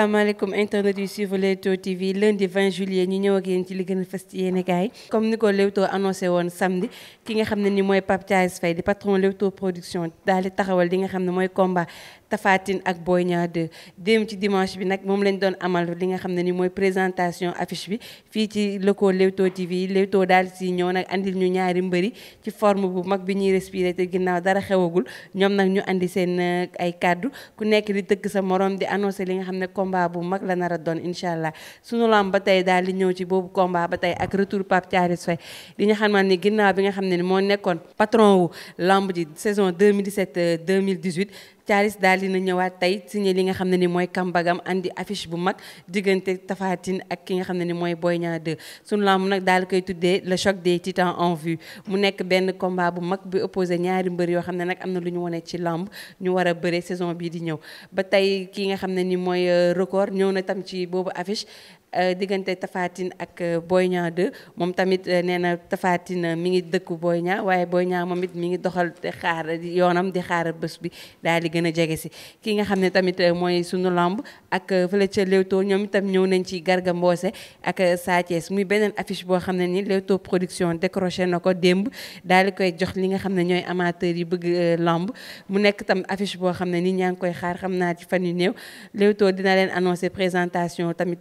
asalaamaaleykum internet yu suivre Leewtoo TV lundi 20 juillet ñu ñëw ak yéen ci li gën a fës ci yéen kaay comme ni ko Leewtoo annoncé woon samedi ki nga xam ne ni mooy Pape Thialis Faye di patron Leewtoo production daal di taxawal li nga xam ne mooy combat Tafatine ak Boy Niang 2 démb ci dimanche bi nag moom lañ doon amal li nga xam ne ni mooy présentation affiche bi fii ci locaux Leewtoo TV Leewtoo daal si ñëw nag andil ñu ñaari mbëri ci forme bu mag bi ñuy respirer te ginnaaw dara xewagul ñoom nag ñu andi seen eh, ay kàddu ku nekk di tëkk sa morom di annoncer li nga xam ne combat bu mag la nar a doon incha su sunu lamb ba tey daal di ñëw ci boobu combat ba tey ak retour Pape Thiaris Faye li nga xamal ni ginnaaw bi nga xam ne ni moo nekkoon patron wu lamb ji saison 2017 2018 Thialis daal dina ñëwaat tey signé li nga xam ne ni mooy kambagam andi affiche bu mag diggante Tapha ak ki nga xam ne ni mooy Boy Niang 2 sunu làmb nag daal koy tuddee le choc des titans en vue mu nekk benn combat bu mag bi opposé ñaari mbër yoo xam ne nag am na lu ñu wone ci làmb ñu war a bëre saison bii di ñëw ba tey ki nga xam ne ni mooy euh, record ñëw na tam ci boobu affiche Euh, diggante tafaatin ak euh, Boy Niang 2 moom tamit euh, nee na Tafatine mi ngi dëkku Boy Niang waaye Boy Niang moom it mi ngi doxal te xaar yoonam di xaar bés bi daal di gën a jege si ki nga xam ne tamit mooy sunu làmb ak fële ca ñoom itam ñëw nañ ci Garga Mbossé ak Sa Thiès muy beneen affiche boo xam ne nii Leewtoo production décroché na ko démb daal di koy jox li nga xam ne ñooy amateurs yi bëgg lamb mu nekk tam affiche boo xam ne nii ñaa ngi koy xaar xam naa ci fan yu néew Leewtoo dina leen annoncé présentation tamit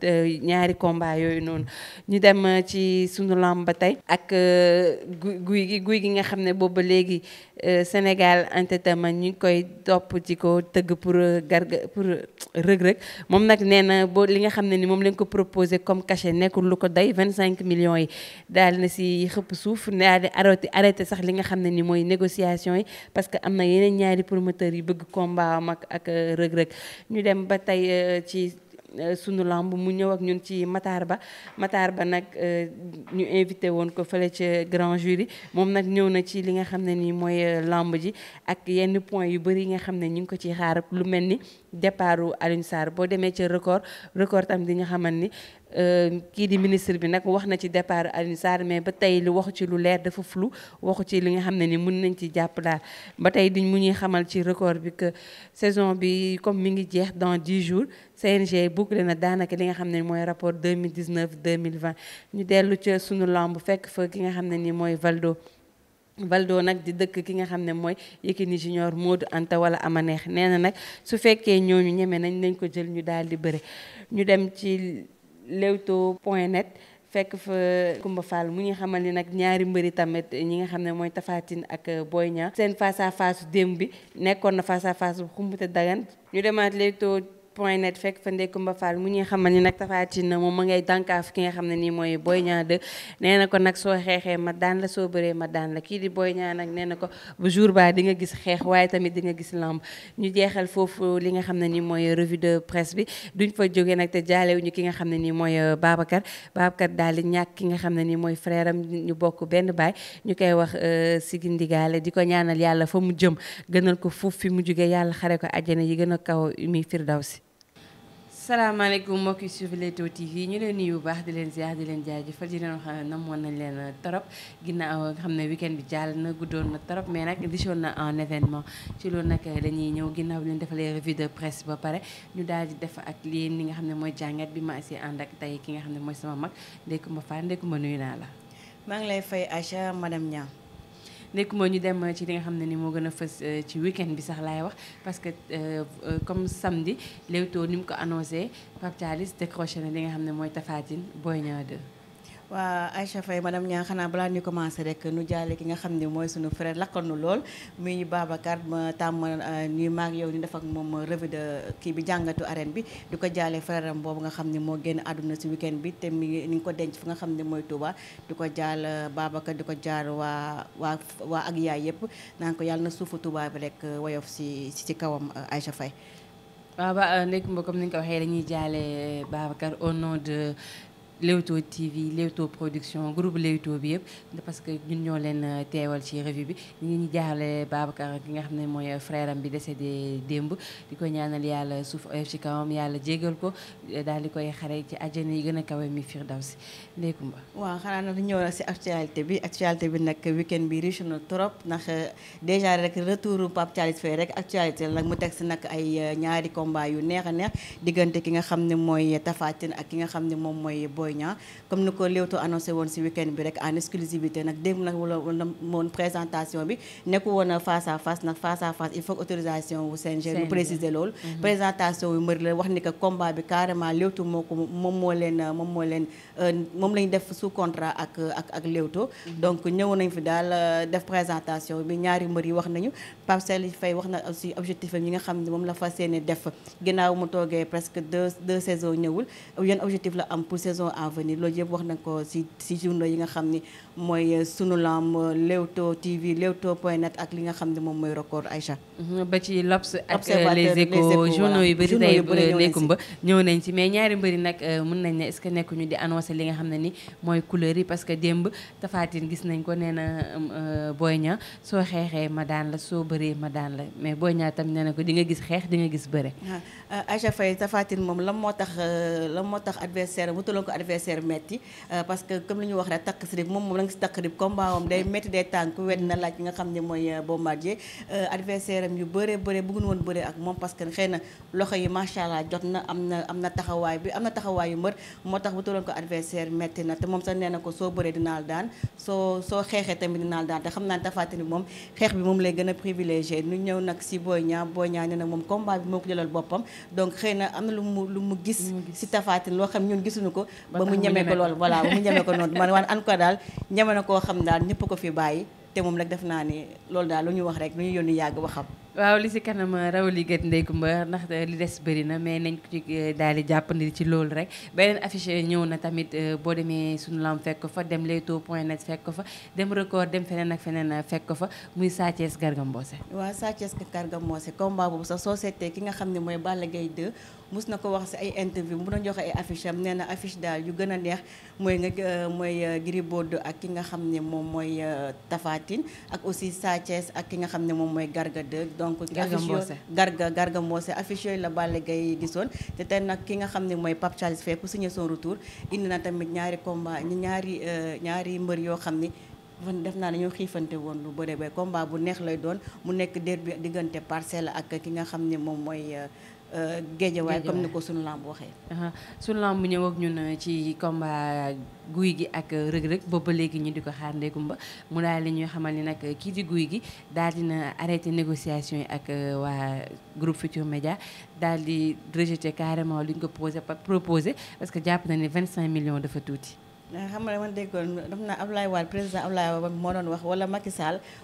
ñaari combat yooyu noonu ñu dem euh, ci sunu lamb ba tey ak euh, guy gi guy gi nga xam ne boobu ba léegi euh, Sénégal entertainment ñu ngi koy topp ci ko tëgg pour garga pour rëg moom nag nee na boo li nga xam ne ni moom lañ ko proposé comme cachet nekkul lu ko dey vingt cinq millions yi dal na si xëpp suuf daal di arrêté arrêté sax li nga xam ne ni mooy négociation yi parce que am na yeneen ñaari promoteurs yi bëgg combat am ak ak rëg-rëg ñu dem ba tey ci Euh, sunu lamb mu ñëw ak ñun ci Matar Ba Matar Ba nag euh, ñu invité woon ko fële ca grand jury moom nag ñëw na ci li nga xam ne nii mooy euh, lamb ji ak yenn point yu bëri yi nga xam ne ñu ngi ko ciy xaar lu mel ni départu Alioune Sarr boo demee ca record record tam di nga xaman ni Euh, kii di ministre bi nag wax na ci départ Alioune Sarr mais ba tey li waxu ci lu leer dafa flou waxu ci li nga xam ne ni mun nañ ci jàpp daal ba tey di mu ñuy xamal ci record bi que saison bi comme mi ngi jeex dans 10 jours CNG bouclé na daanaka li nga xam ne mooy rapport deux 2019 2020 ñu dellu ca sunu lamb fekk fa ki nga xam ne ni mooy Valdo Valdo nag di dëkk ki nga xam ne mooy Yékini Junior Modou Anta wala Amaneex nee na nag su fekkee ñooñu ñeme nañ nañ ko jël ñu daal di bëre leewtoo point net fekk fa Koumba Fall mu ngi xamal ni nag ñaari mbër mbëri tamit ñi nga xam ne mooy Tapha ak Boy Niang seen face à démb bi nekkoon na face à face bu xumbute ñu demaat leewtoo point net fekk fa Ndeykumba Fall mu ñuy xamal ni nag Tapha na moom ma ngay dànkaaf ki nga xam ne nii mooy Boy Niang nee na ko nag soo xeexee ma daan soo bëree ma daan la kii di Boy Niang nag nee na ko bu jour ba di nga gis xeex waaye tamit di nga gis lamb ñu jeexal foofu li nga xam ne nii mooy revue de bi duñ fa jógee nag te jaalewu ki nga xam ne nii mooy euh, Babacar Babacar daal di ñàkk ki nga xam ne nii mooy frère am ñu bokk benn baay ñu koy wax euh, Sigi Ndigaale di ko ñaanal yàlla fa mu jëm gënal ko fuuf fi mu juge yàlla xare ko àjjana yi gën a kaw mi si salaamaaleykum mbokk yi suivre Leewtoo TV ñu leen nuyu bu baax di leen si ziar di leen jaajëfal di leen xam ne namoon nañ leen trop ginnaaw nga xam ne weekend bi jàll na guddoon na trop mais nag disoon na en événement ci loolu nag dañuy ñëw ginnaaw bi leen defalee revue de ba pare ñu daal di def ak lii li nga xam ne mooy jàngat bi ma asi ànd ak tey ki nga xam ne mooy sama mag Ndeye Coumba Fall Ndeye Coumba nuyu naa la maa ngi lay fay ma dem ñaam nekk moo ñu dem ci li nga xam ne ni moo gën a fës euh, ci weekend bi sax laay wax parce que euh, euh, comme samedi Leewtoo ni mu ko annoncé Pape Thialis décroché na li nga xam ne mooy tafaatin Tine Boy waa Aïcha Faye madame ñaa xanaa balaa ñu commencé rek nu jaale ki nga xam ni mooy suñu frère nu lool muy Babacar ma tàmm ñuy euh, maag yow ni def ak moom revue de kii bi jàngatu arène bi di ko jaale frère am boobu nga xam ni moo génn àdduna si week bi te mi ngi ni nga ko denc fi nga xam ne mooy Touba di ko jaal euh, Babacar di ko jaal waa waa waa ak yaay yëpp naan ko yàlla na suufu Touba bi rek euh, woyof si si kawam Aïcha Faye waaw ba léegi mbokk comme ni nga ko waxee dañuy jaale Babacar Leewtoo TV Leewtoo production groupe Leewtoo bi yëpp parce que ñun ñoo leen euh, teewal ci revue bi ñu ngi ñu jaaxle Babacar nga xam ne mooy euh, frère am bi décédé démb di ko ñaanal yàlla suuf oyof ci kawam yàlla ko euh, daal di koy xare ci àjjana yi gën a kawe mi Firdawsi Ndeye Comba waaw xanaa nag ñëw na si actualité bi actualité bi nag weekend bi na trop ndax déjà rek retour Pape Thialis Faye rek actualité la nag mu teg si nag ay ñaari yu neex a neex diggante ki nga xam ne mooy ki nga xam ne moom mooy Boy Boy Niang comme ni ko Leewtoo yu la wax ni que combat bi carrément Leewtoo moo ko moom moo leen moom moo leen euh, moom lañ def sous contrat ak ak ak Leewtoo mhm. donc ñëw euh, bi ñaari mbër yi wax nañu Pape Sall Faye wax na aussi objectif yi nga xam moom la fas yéene def ginnaaw mu toogee presque deux deux saisons ñëwul yan objectif la am pour saison en venir loolu yëpp wax nañ ko si si yi nga xam ni mooy euh, sunu lamb euh, Leewtoo TV Leewtoo point net ak li nga xam ne moom mooy record Aïcha mhm, ba ci L'Obs ak euh, les Échos journaux yu bëri tey nekkumba ñëw nañ ci mais ñaari mbëri nag mën nañ ne est que nekkuñu di annoncé li nga xam ne ni mooy couleur yi parce que démb tafaatin gis nañ ko nee na Boy Niang soo xeexee ma daan la soo bëree ma daan la mais Boy Niang tam nee na ko di nga gis xeex di gis bëre ah. Euh, Aïcha Faye Tapha Tine moom lan moo tax euh, lan moo tax adversaire wutaloon ko adversaire metti euh, parce que comme li ñu wax rek takk si moom moom la takk rib combat am day metti day tànk na xam ne mooy Bombardier adversaire yu bëree bëree bëgguñu woon bëree ak moom parce que xëy na loxo yi macha allah jot na am na am na taxawaay bi am na taxawaay yu mbër moo tax wutaloon ko adversaire metti na te moom sax nee na ko soo bëree dinaal daan soo soo xeexee tamit dinaal daan xam naa Tapha moom xeex bi moom lay gën a privilégié ñu ñëw nag si Boy Niang Boy Niang nee na moom combat bi moo ko jëlal boppam donc xëy na am na lu mu lu mu gis si tafaatin loo xam ñun gisuñu ko ba mu ñemee ko lool voilà ba mu ñemee ko noonu man waan an ko daal ñeme na koo xam daal ñëpp ko fi bàyyi te moom nag def naa ni loolu daal lu ñu wax rek lu ñu yónni yàgg waxam waaw li si kanam uh, raw li gët Ndeye Coumba ndax uh, li des bëri na mais nañ ko ci uh, daal di jàppandi ci loolu rek beneen affiche ñëw na tamit boo demee suñu lam fekk fa dem leewtoo point net fekk ko fa dem record dem feneen ak feneen fekk fa muy Sa Thiès Garga Mbossé waaw Sa Thiès Garga Mbossé combat boobu sax soo seetee ki nga xam ne mooy Balla Gaye 2 mus na ko wax si ay interview mu doon joxe ay affiche am nee na affiche daal yu gën a neex mooy nga euh, mooy euh, Gris Bordeaux ak ki nga xam ne moom mooy euh, Tapha Tine ak aussi Sa ak ki nga xam ne moom mooy Garga 2 donc affiche yooyu Garga Garga Mbossé affiche yooyu la Balla Gaye gisoon te tey nag ki nga xam ne mooy Pape Thialis Faye ku retour indi na tamit ñaari combat ñaari ñaari mbër yoo xam ni fan def naa dañoo xiifante woon lu bëre bay komba bu neex lay doon mu nekk derby diggante parcelle ak ki nga xam ne moom mooy Euh, géejawaay comme ni ko sunu lamb waxee. sunu lamb ñëw ak ñun euh, ci combat guy gi ak euh, rëg-rëg boobu ba léegi ñu di ko xaar ndegum ba mu daal li ñuy xamal ni nag kii di guy gi daal dina arrêté négociation yi ak waa groupe Futur Média daal di rejeté carrément li ñu ko posé proposé parce que jàpp na ne cinq millions dafa tuuti. xam nga man déggoon daf naa Ablaye Wade président Ablaye Wade moo doon wax wala Macky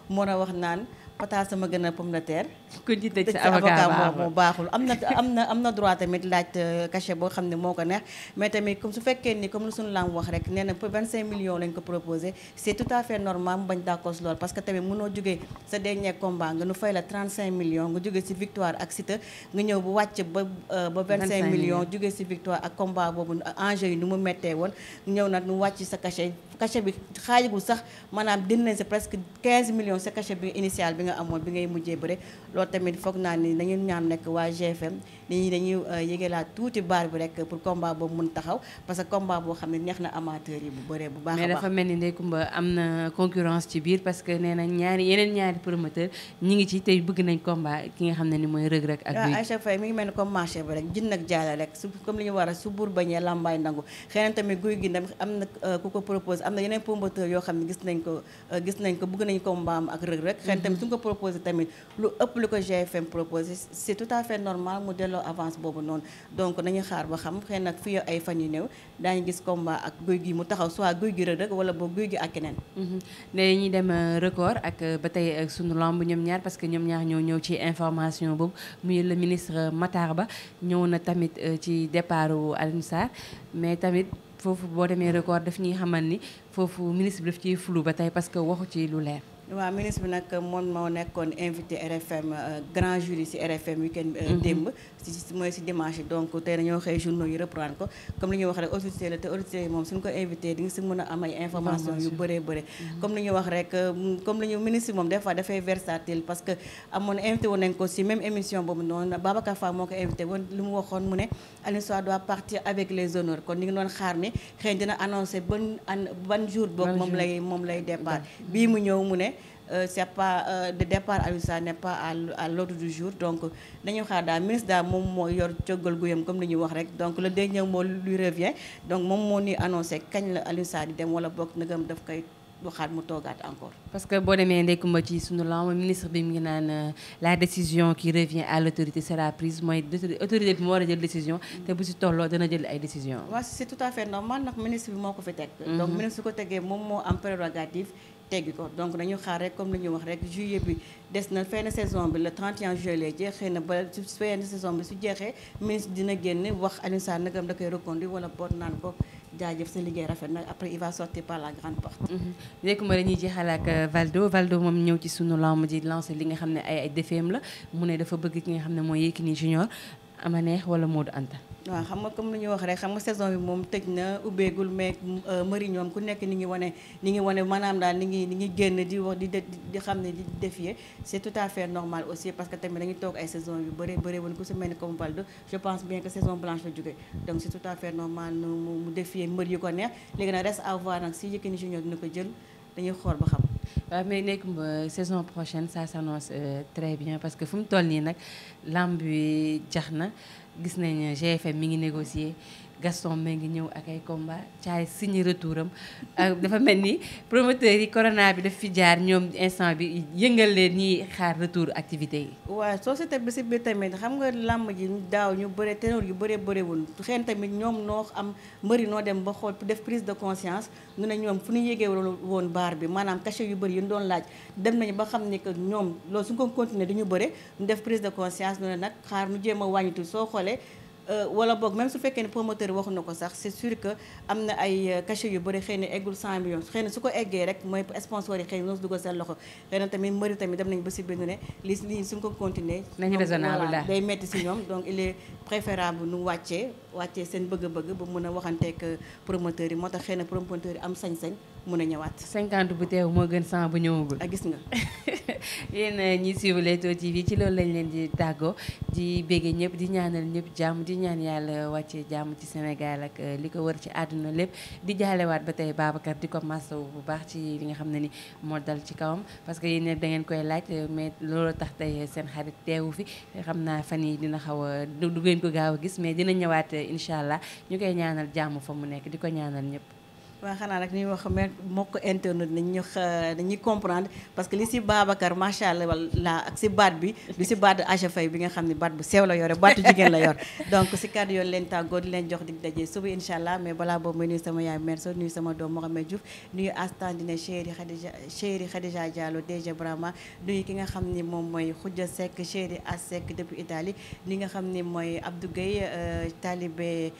moo doon wax naan. pataas sama gën a pomme de terre. ku ci tëj sa avocat moo baaxul am na am na am na droit tamit laaj euh, cachet boo xam ne moo ko neex mais tamit comme su fekkee ni comme lu suñu lam wax rek nee na pour 25 millions lañ ko proposé c' est tout à fait normal mu bañ d'accord si loolu parce que tamit mënoo jógee sa dernier combat nga nu fay la 35 millions nga jógee si victoire ak Siteu nga ñëw bu wàcc ba euh, ba 25 millions jógee si victoire ak combat boobu enjeu yi nu mu méttee woon ñëw nag nu wàcc sa cachet cachet bi xaajagul sax maanaam dinañ sa presque 15 millions sa cachet bi initial bi nga amoon bi ngay mujjee bëre loolu tamit foog naa ni dañu ñaan nekk waa GFM euh, que combat boo xam ne neex na amateur yi bu bëree bu baax a baax mais dafa mel ni Ndeye Comba am na concurrence ci biir parce que nee na ñaari yeneen ñaari promoteur ñi ngi ci tey bëgg nañ combat ki nga xam ne ni mooy Reug Reug ak ah, Aïcha Faye mi ngi mel ni comme marché bi rek jën ak jaala rek su comme li ñu war a su buur bañee lambaay ndangu xëy am na yeneen promoteur yoo xam ne gis nañ ko euh, gis nañ ko bëgg nañ ko mbaam ak Reug Reug xëy tamit su ko proposé tamit lu ëpp lu ko GFM proposé c'est tout à fait normal mu delloo avance boobu noonu donc nañu xaar ba xam xëy nag fii ay fan yu néew daañu gis combat ak guy gi mu taxaw soit guy gi Reug Reug wala boo guy gi ak keneen mm-hmm. dañuy dem euh, record ak euh, ba tey sunu lamb ñoom ñaar parce que ñoom ñaar ñoo ñëw ci information boobu mu le ministre Matar Ba ñëw na tamit ci départu Alioune Sarr mais tamit foofu boo demee record daf ñuy xamal ni foofu ministre bi daf ciy flou ba tey parce que waxu ci lu leer. waa ministre bi nag moom moo nekkoon invité RFM euh, grand jury ci RFM weekend euh, mhm. démb ci mooy si dimanche donc tey dañoo xëy journaux yi reprendre ko comme li wax rek autorité la te autorité yi moom suñu ko invité di si mën a am information yu bëree bëri mhm. comme li wax rek euh, comme li ministre moom des dafay versatile parce que amoon invité woon nañ ko si même émission boobu noonu Babacar Fall moo ko invité woon mu waxoon mu ne Alioune doit partir avec les honneurs kon ñu ngi doon xaar ni xëy dina annoncé ban jour boog moom Euh, c'est pas euh, de départ Aliou Sarr n'est pas à l'ordre du jour donc dañu xaar daal ministre daal moom moo yor coggal guyam comme li ñuy wax rek donc la dernier mot moom moo ñuy annoncé kañ la Aliou Sarr di dem wala bokk nagam daf koy waxaat mu toogaat encore. parce que boo demee ndekku ma ci sunu lamb ministre bi mu ngi naan euh, la décision qui revient à l'autorité sera prise mooy autorité bi moo war a jël décision. te bu si tolloo dana jël ay décision waaw c'est tout à fait normal mm-hmm. tegee moom moo am prérogative. teggi ko donc nañu xaar rek comme li ñu wax rek juillet bi des na fenn saison bi le 31 juillet lay jeex na ba su fenn saison bi su jeexee ministre dina génne wax Alioune Sarr nagam da koy reconduire wala boot naan ko jaajëf sa liggéey rafet nag après il va sortir par la grande porte. léegi ma dañuy ak euh, Valdo Valdo moom ñëw ci sunu lamb ji lancé li nga xam ne ay ay la mu ne dafa bëgg ki nga xam ne mooy Yékini Junior ama neex wala Modou Anta. waaw xam nga comme lu ñu wax rek xam nga saison bi moom tëj na ubbeegul mais euh, mëri ñoom ku nekk ni ngi wane ni ngi wane maanaam daal ni ngi ni ngi génn di wax di xam ne di défier c'est tout à fait normal aussi parce que tamit dañuy toog ay saison yu bëri bëri woon ku si ni comme Valdo je pense bien que saison blanche la jóge donc c'est tout à fait normal mu mu défier mbër yu ko neex léegi nag reste à voir nag si Yékini Junior dina ko jël dañuy xool ba xam waaw mais nekk saison prochaine ça s'annonce euh, très bien parce que fu mu toll nii nag lamb bi jax na gis nañ euh, GFM mi ngi négocier Gaston mi ngi ñëw ak ay combat caay signé retour am euh, dafa mel ni promoteurs yi corona bi def fi jaar ñoom instant bi yëngal leen ñiy xaar retour activité yi waaw société bi si biir tamit xam nga làmb ji daaw ñu bëre ténor yu bëree bëriwul xeen tamit ñoom noo am mbëri noo dem ba xool def prise de conscience ñu ne ñoom fu yu bëri yu ñu doon laaj dem nañu ba xam ne que ñoom loolu su ko continuer duñu bëre ñu def prise de conscience ñu nag xaar nu jéem wàññitu soo xoolee euh, wala boog même su fekkee ne promoteur waxu na ko sax c' est que am na ay euh, cachet yu bëri xëy eggul 100 millions su ko eggee rek mooy sponsor yi xëy na ñoo si seen loxo xëy tamit mbëri tamit dem nañu ba si biir ne li suñ ko continuer nañu raisonnable daal day métti si ñoom donc il est préférable wàccee seen bëgg-bëgg ba mun a waxanteeg euh, promoteur yi moo tax xëy na promoteur yi am sañ-sañ mun a ñëwaat. 50 bu teew moo gën 100 bu ñëwagul. a ah, gis nga. yéen euh, ñi suivre Leewtoo TV ci loolu lañ leen di tàggoo di béggee ñëpp di ñaanal ñëpp jàmm di ñaan yàlla wàccee jàmm ci Sénégal euh, li ko wër ci àdduna lépp di jaalewaat ba tey Babacar di ko masaw bu baax ci li nga xam ne ni moo dal ci kawam parce que yéen da ngeen koy laaj mais loolu tax tey seen xarit teewu fi xam naa fan yi dina xaw du ngeen ko gaaw a gis mais dina ñëwaat incha allah ñu koy ñaanal jàmm fa mu nekk di ko ñaanal ñëpp waaw xanaa rek ñuy wax mokk internet nañ ñu dañuy comprendre parce que li si Babacar macha allah ak si baat bi du si baat Aja Faye bi nga xam ne baat bu sew la yore baatu jigéen la yor donc si kàddu yoon leen tàggoo di jox dig dajee suba incha allah mais balaa boobu ma nuyu sama yaay Merso nuyu sama doom Mohamed Diouf nuyu Astandine chéri Khadija chéri Khadija Diallo DG Brahma nuyu ki nga xam ni moom mooy Khoudia Seck chéri As Seck depuis Italie ni nga xam ni mooy Abdou Gueye euh, talibé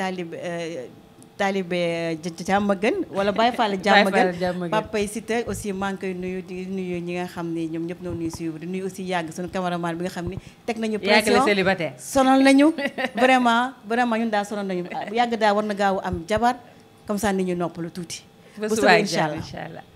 euh, taalibe Diamaguène eh, wala Baye Fall Diamaguène papa yi Siteu aussi maa ngi koy nuyu di nuyu ñi nga xam ne ñoom ñëpp noonu ñuy suivre di nuyu aussi yàgg suñu cameraman bi nga xam ne teg nañu pression célibataire sonal nañu vraiment vraiment ñun daal sonal nañu yàgg daal war na gaaw am jabar comme ça nit ñu noppalu tuuti bu suba incha allah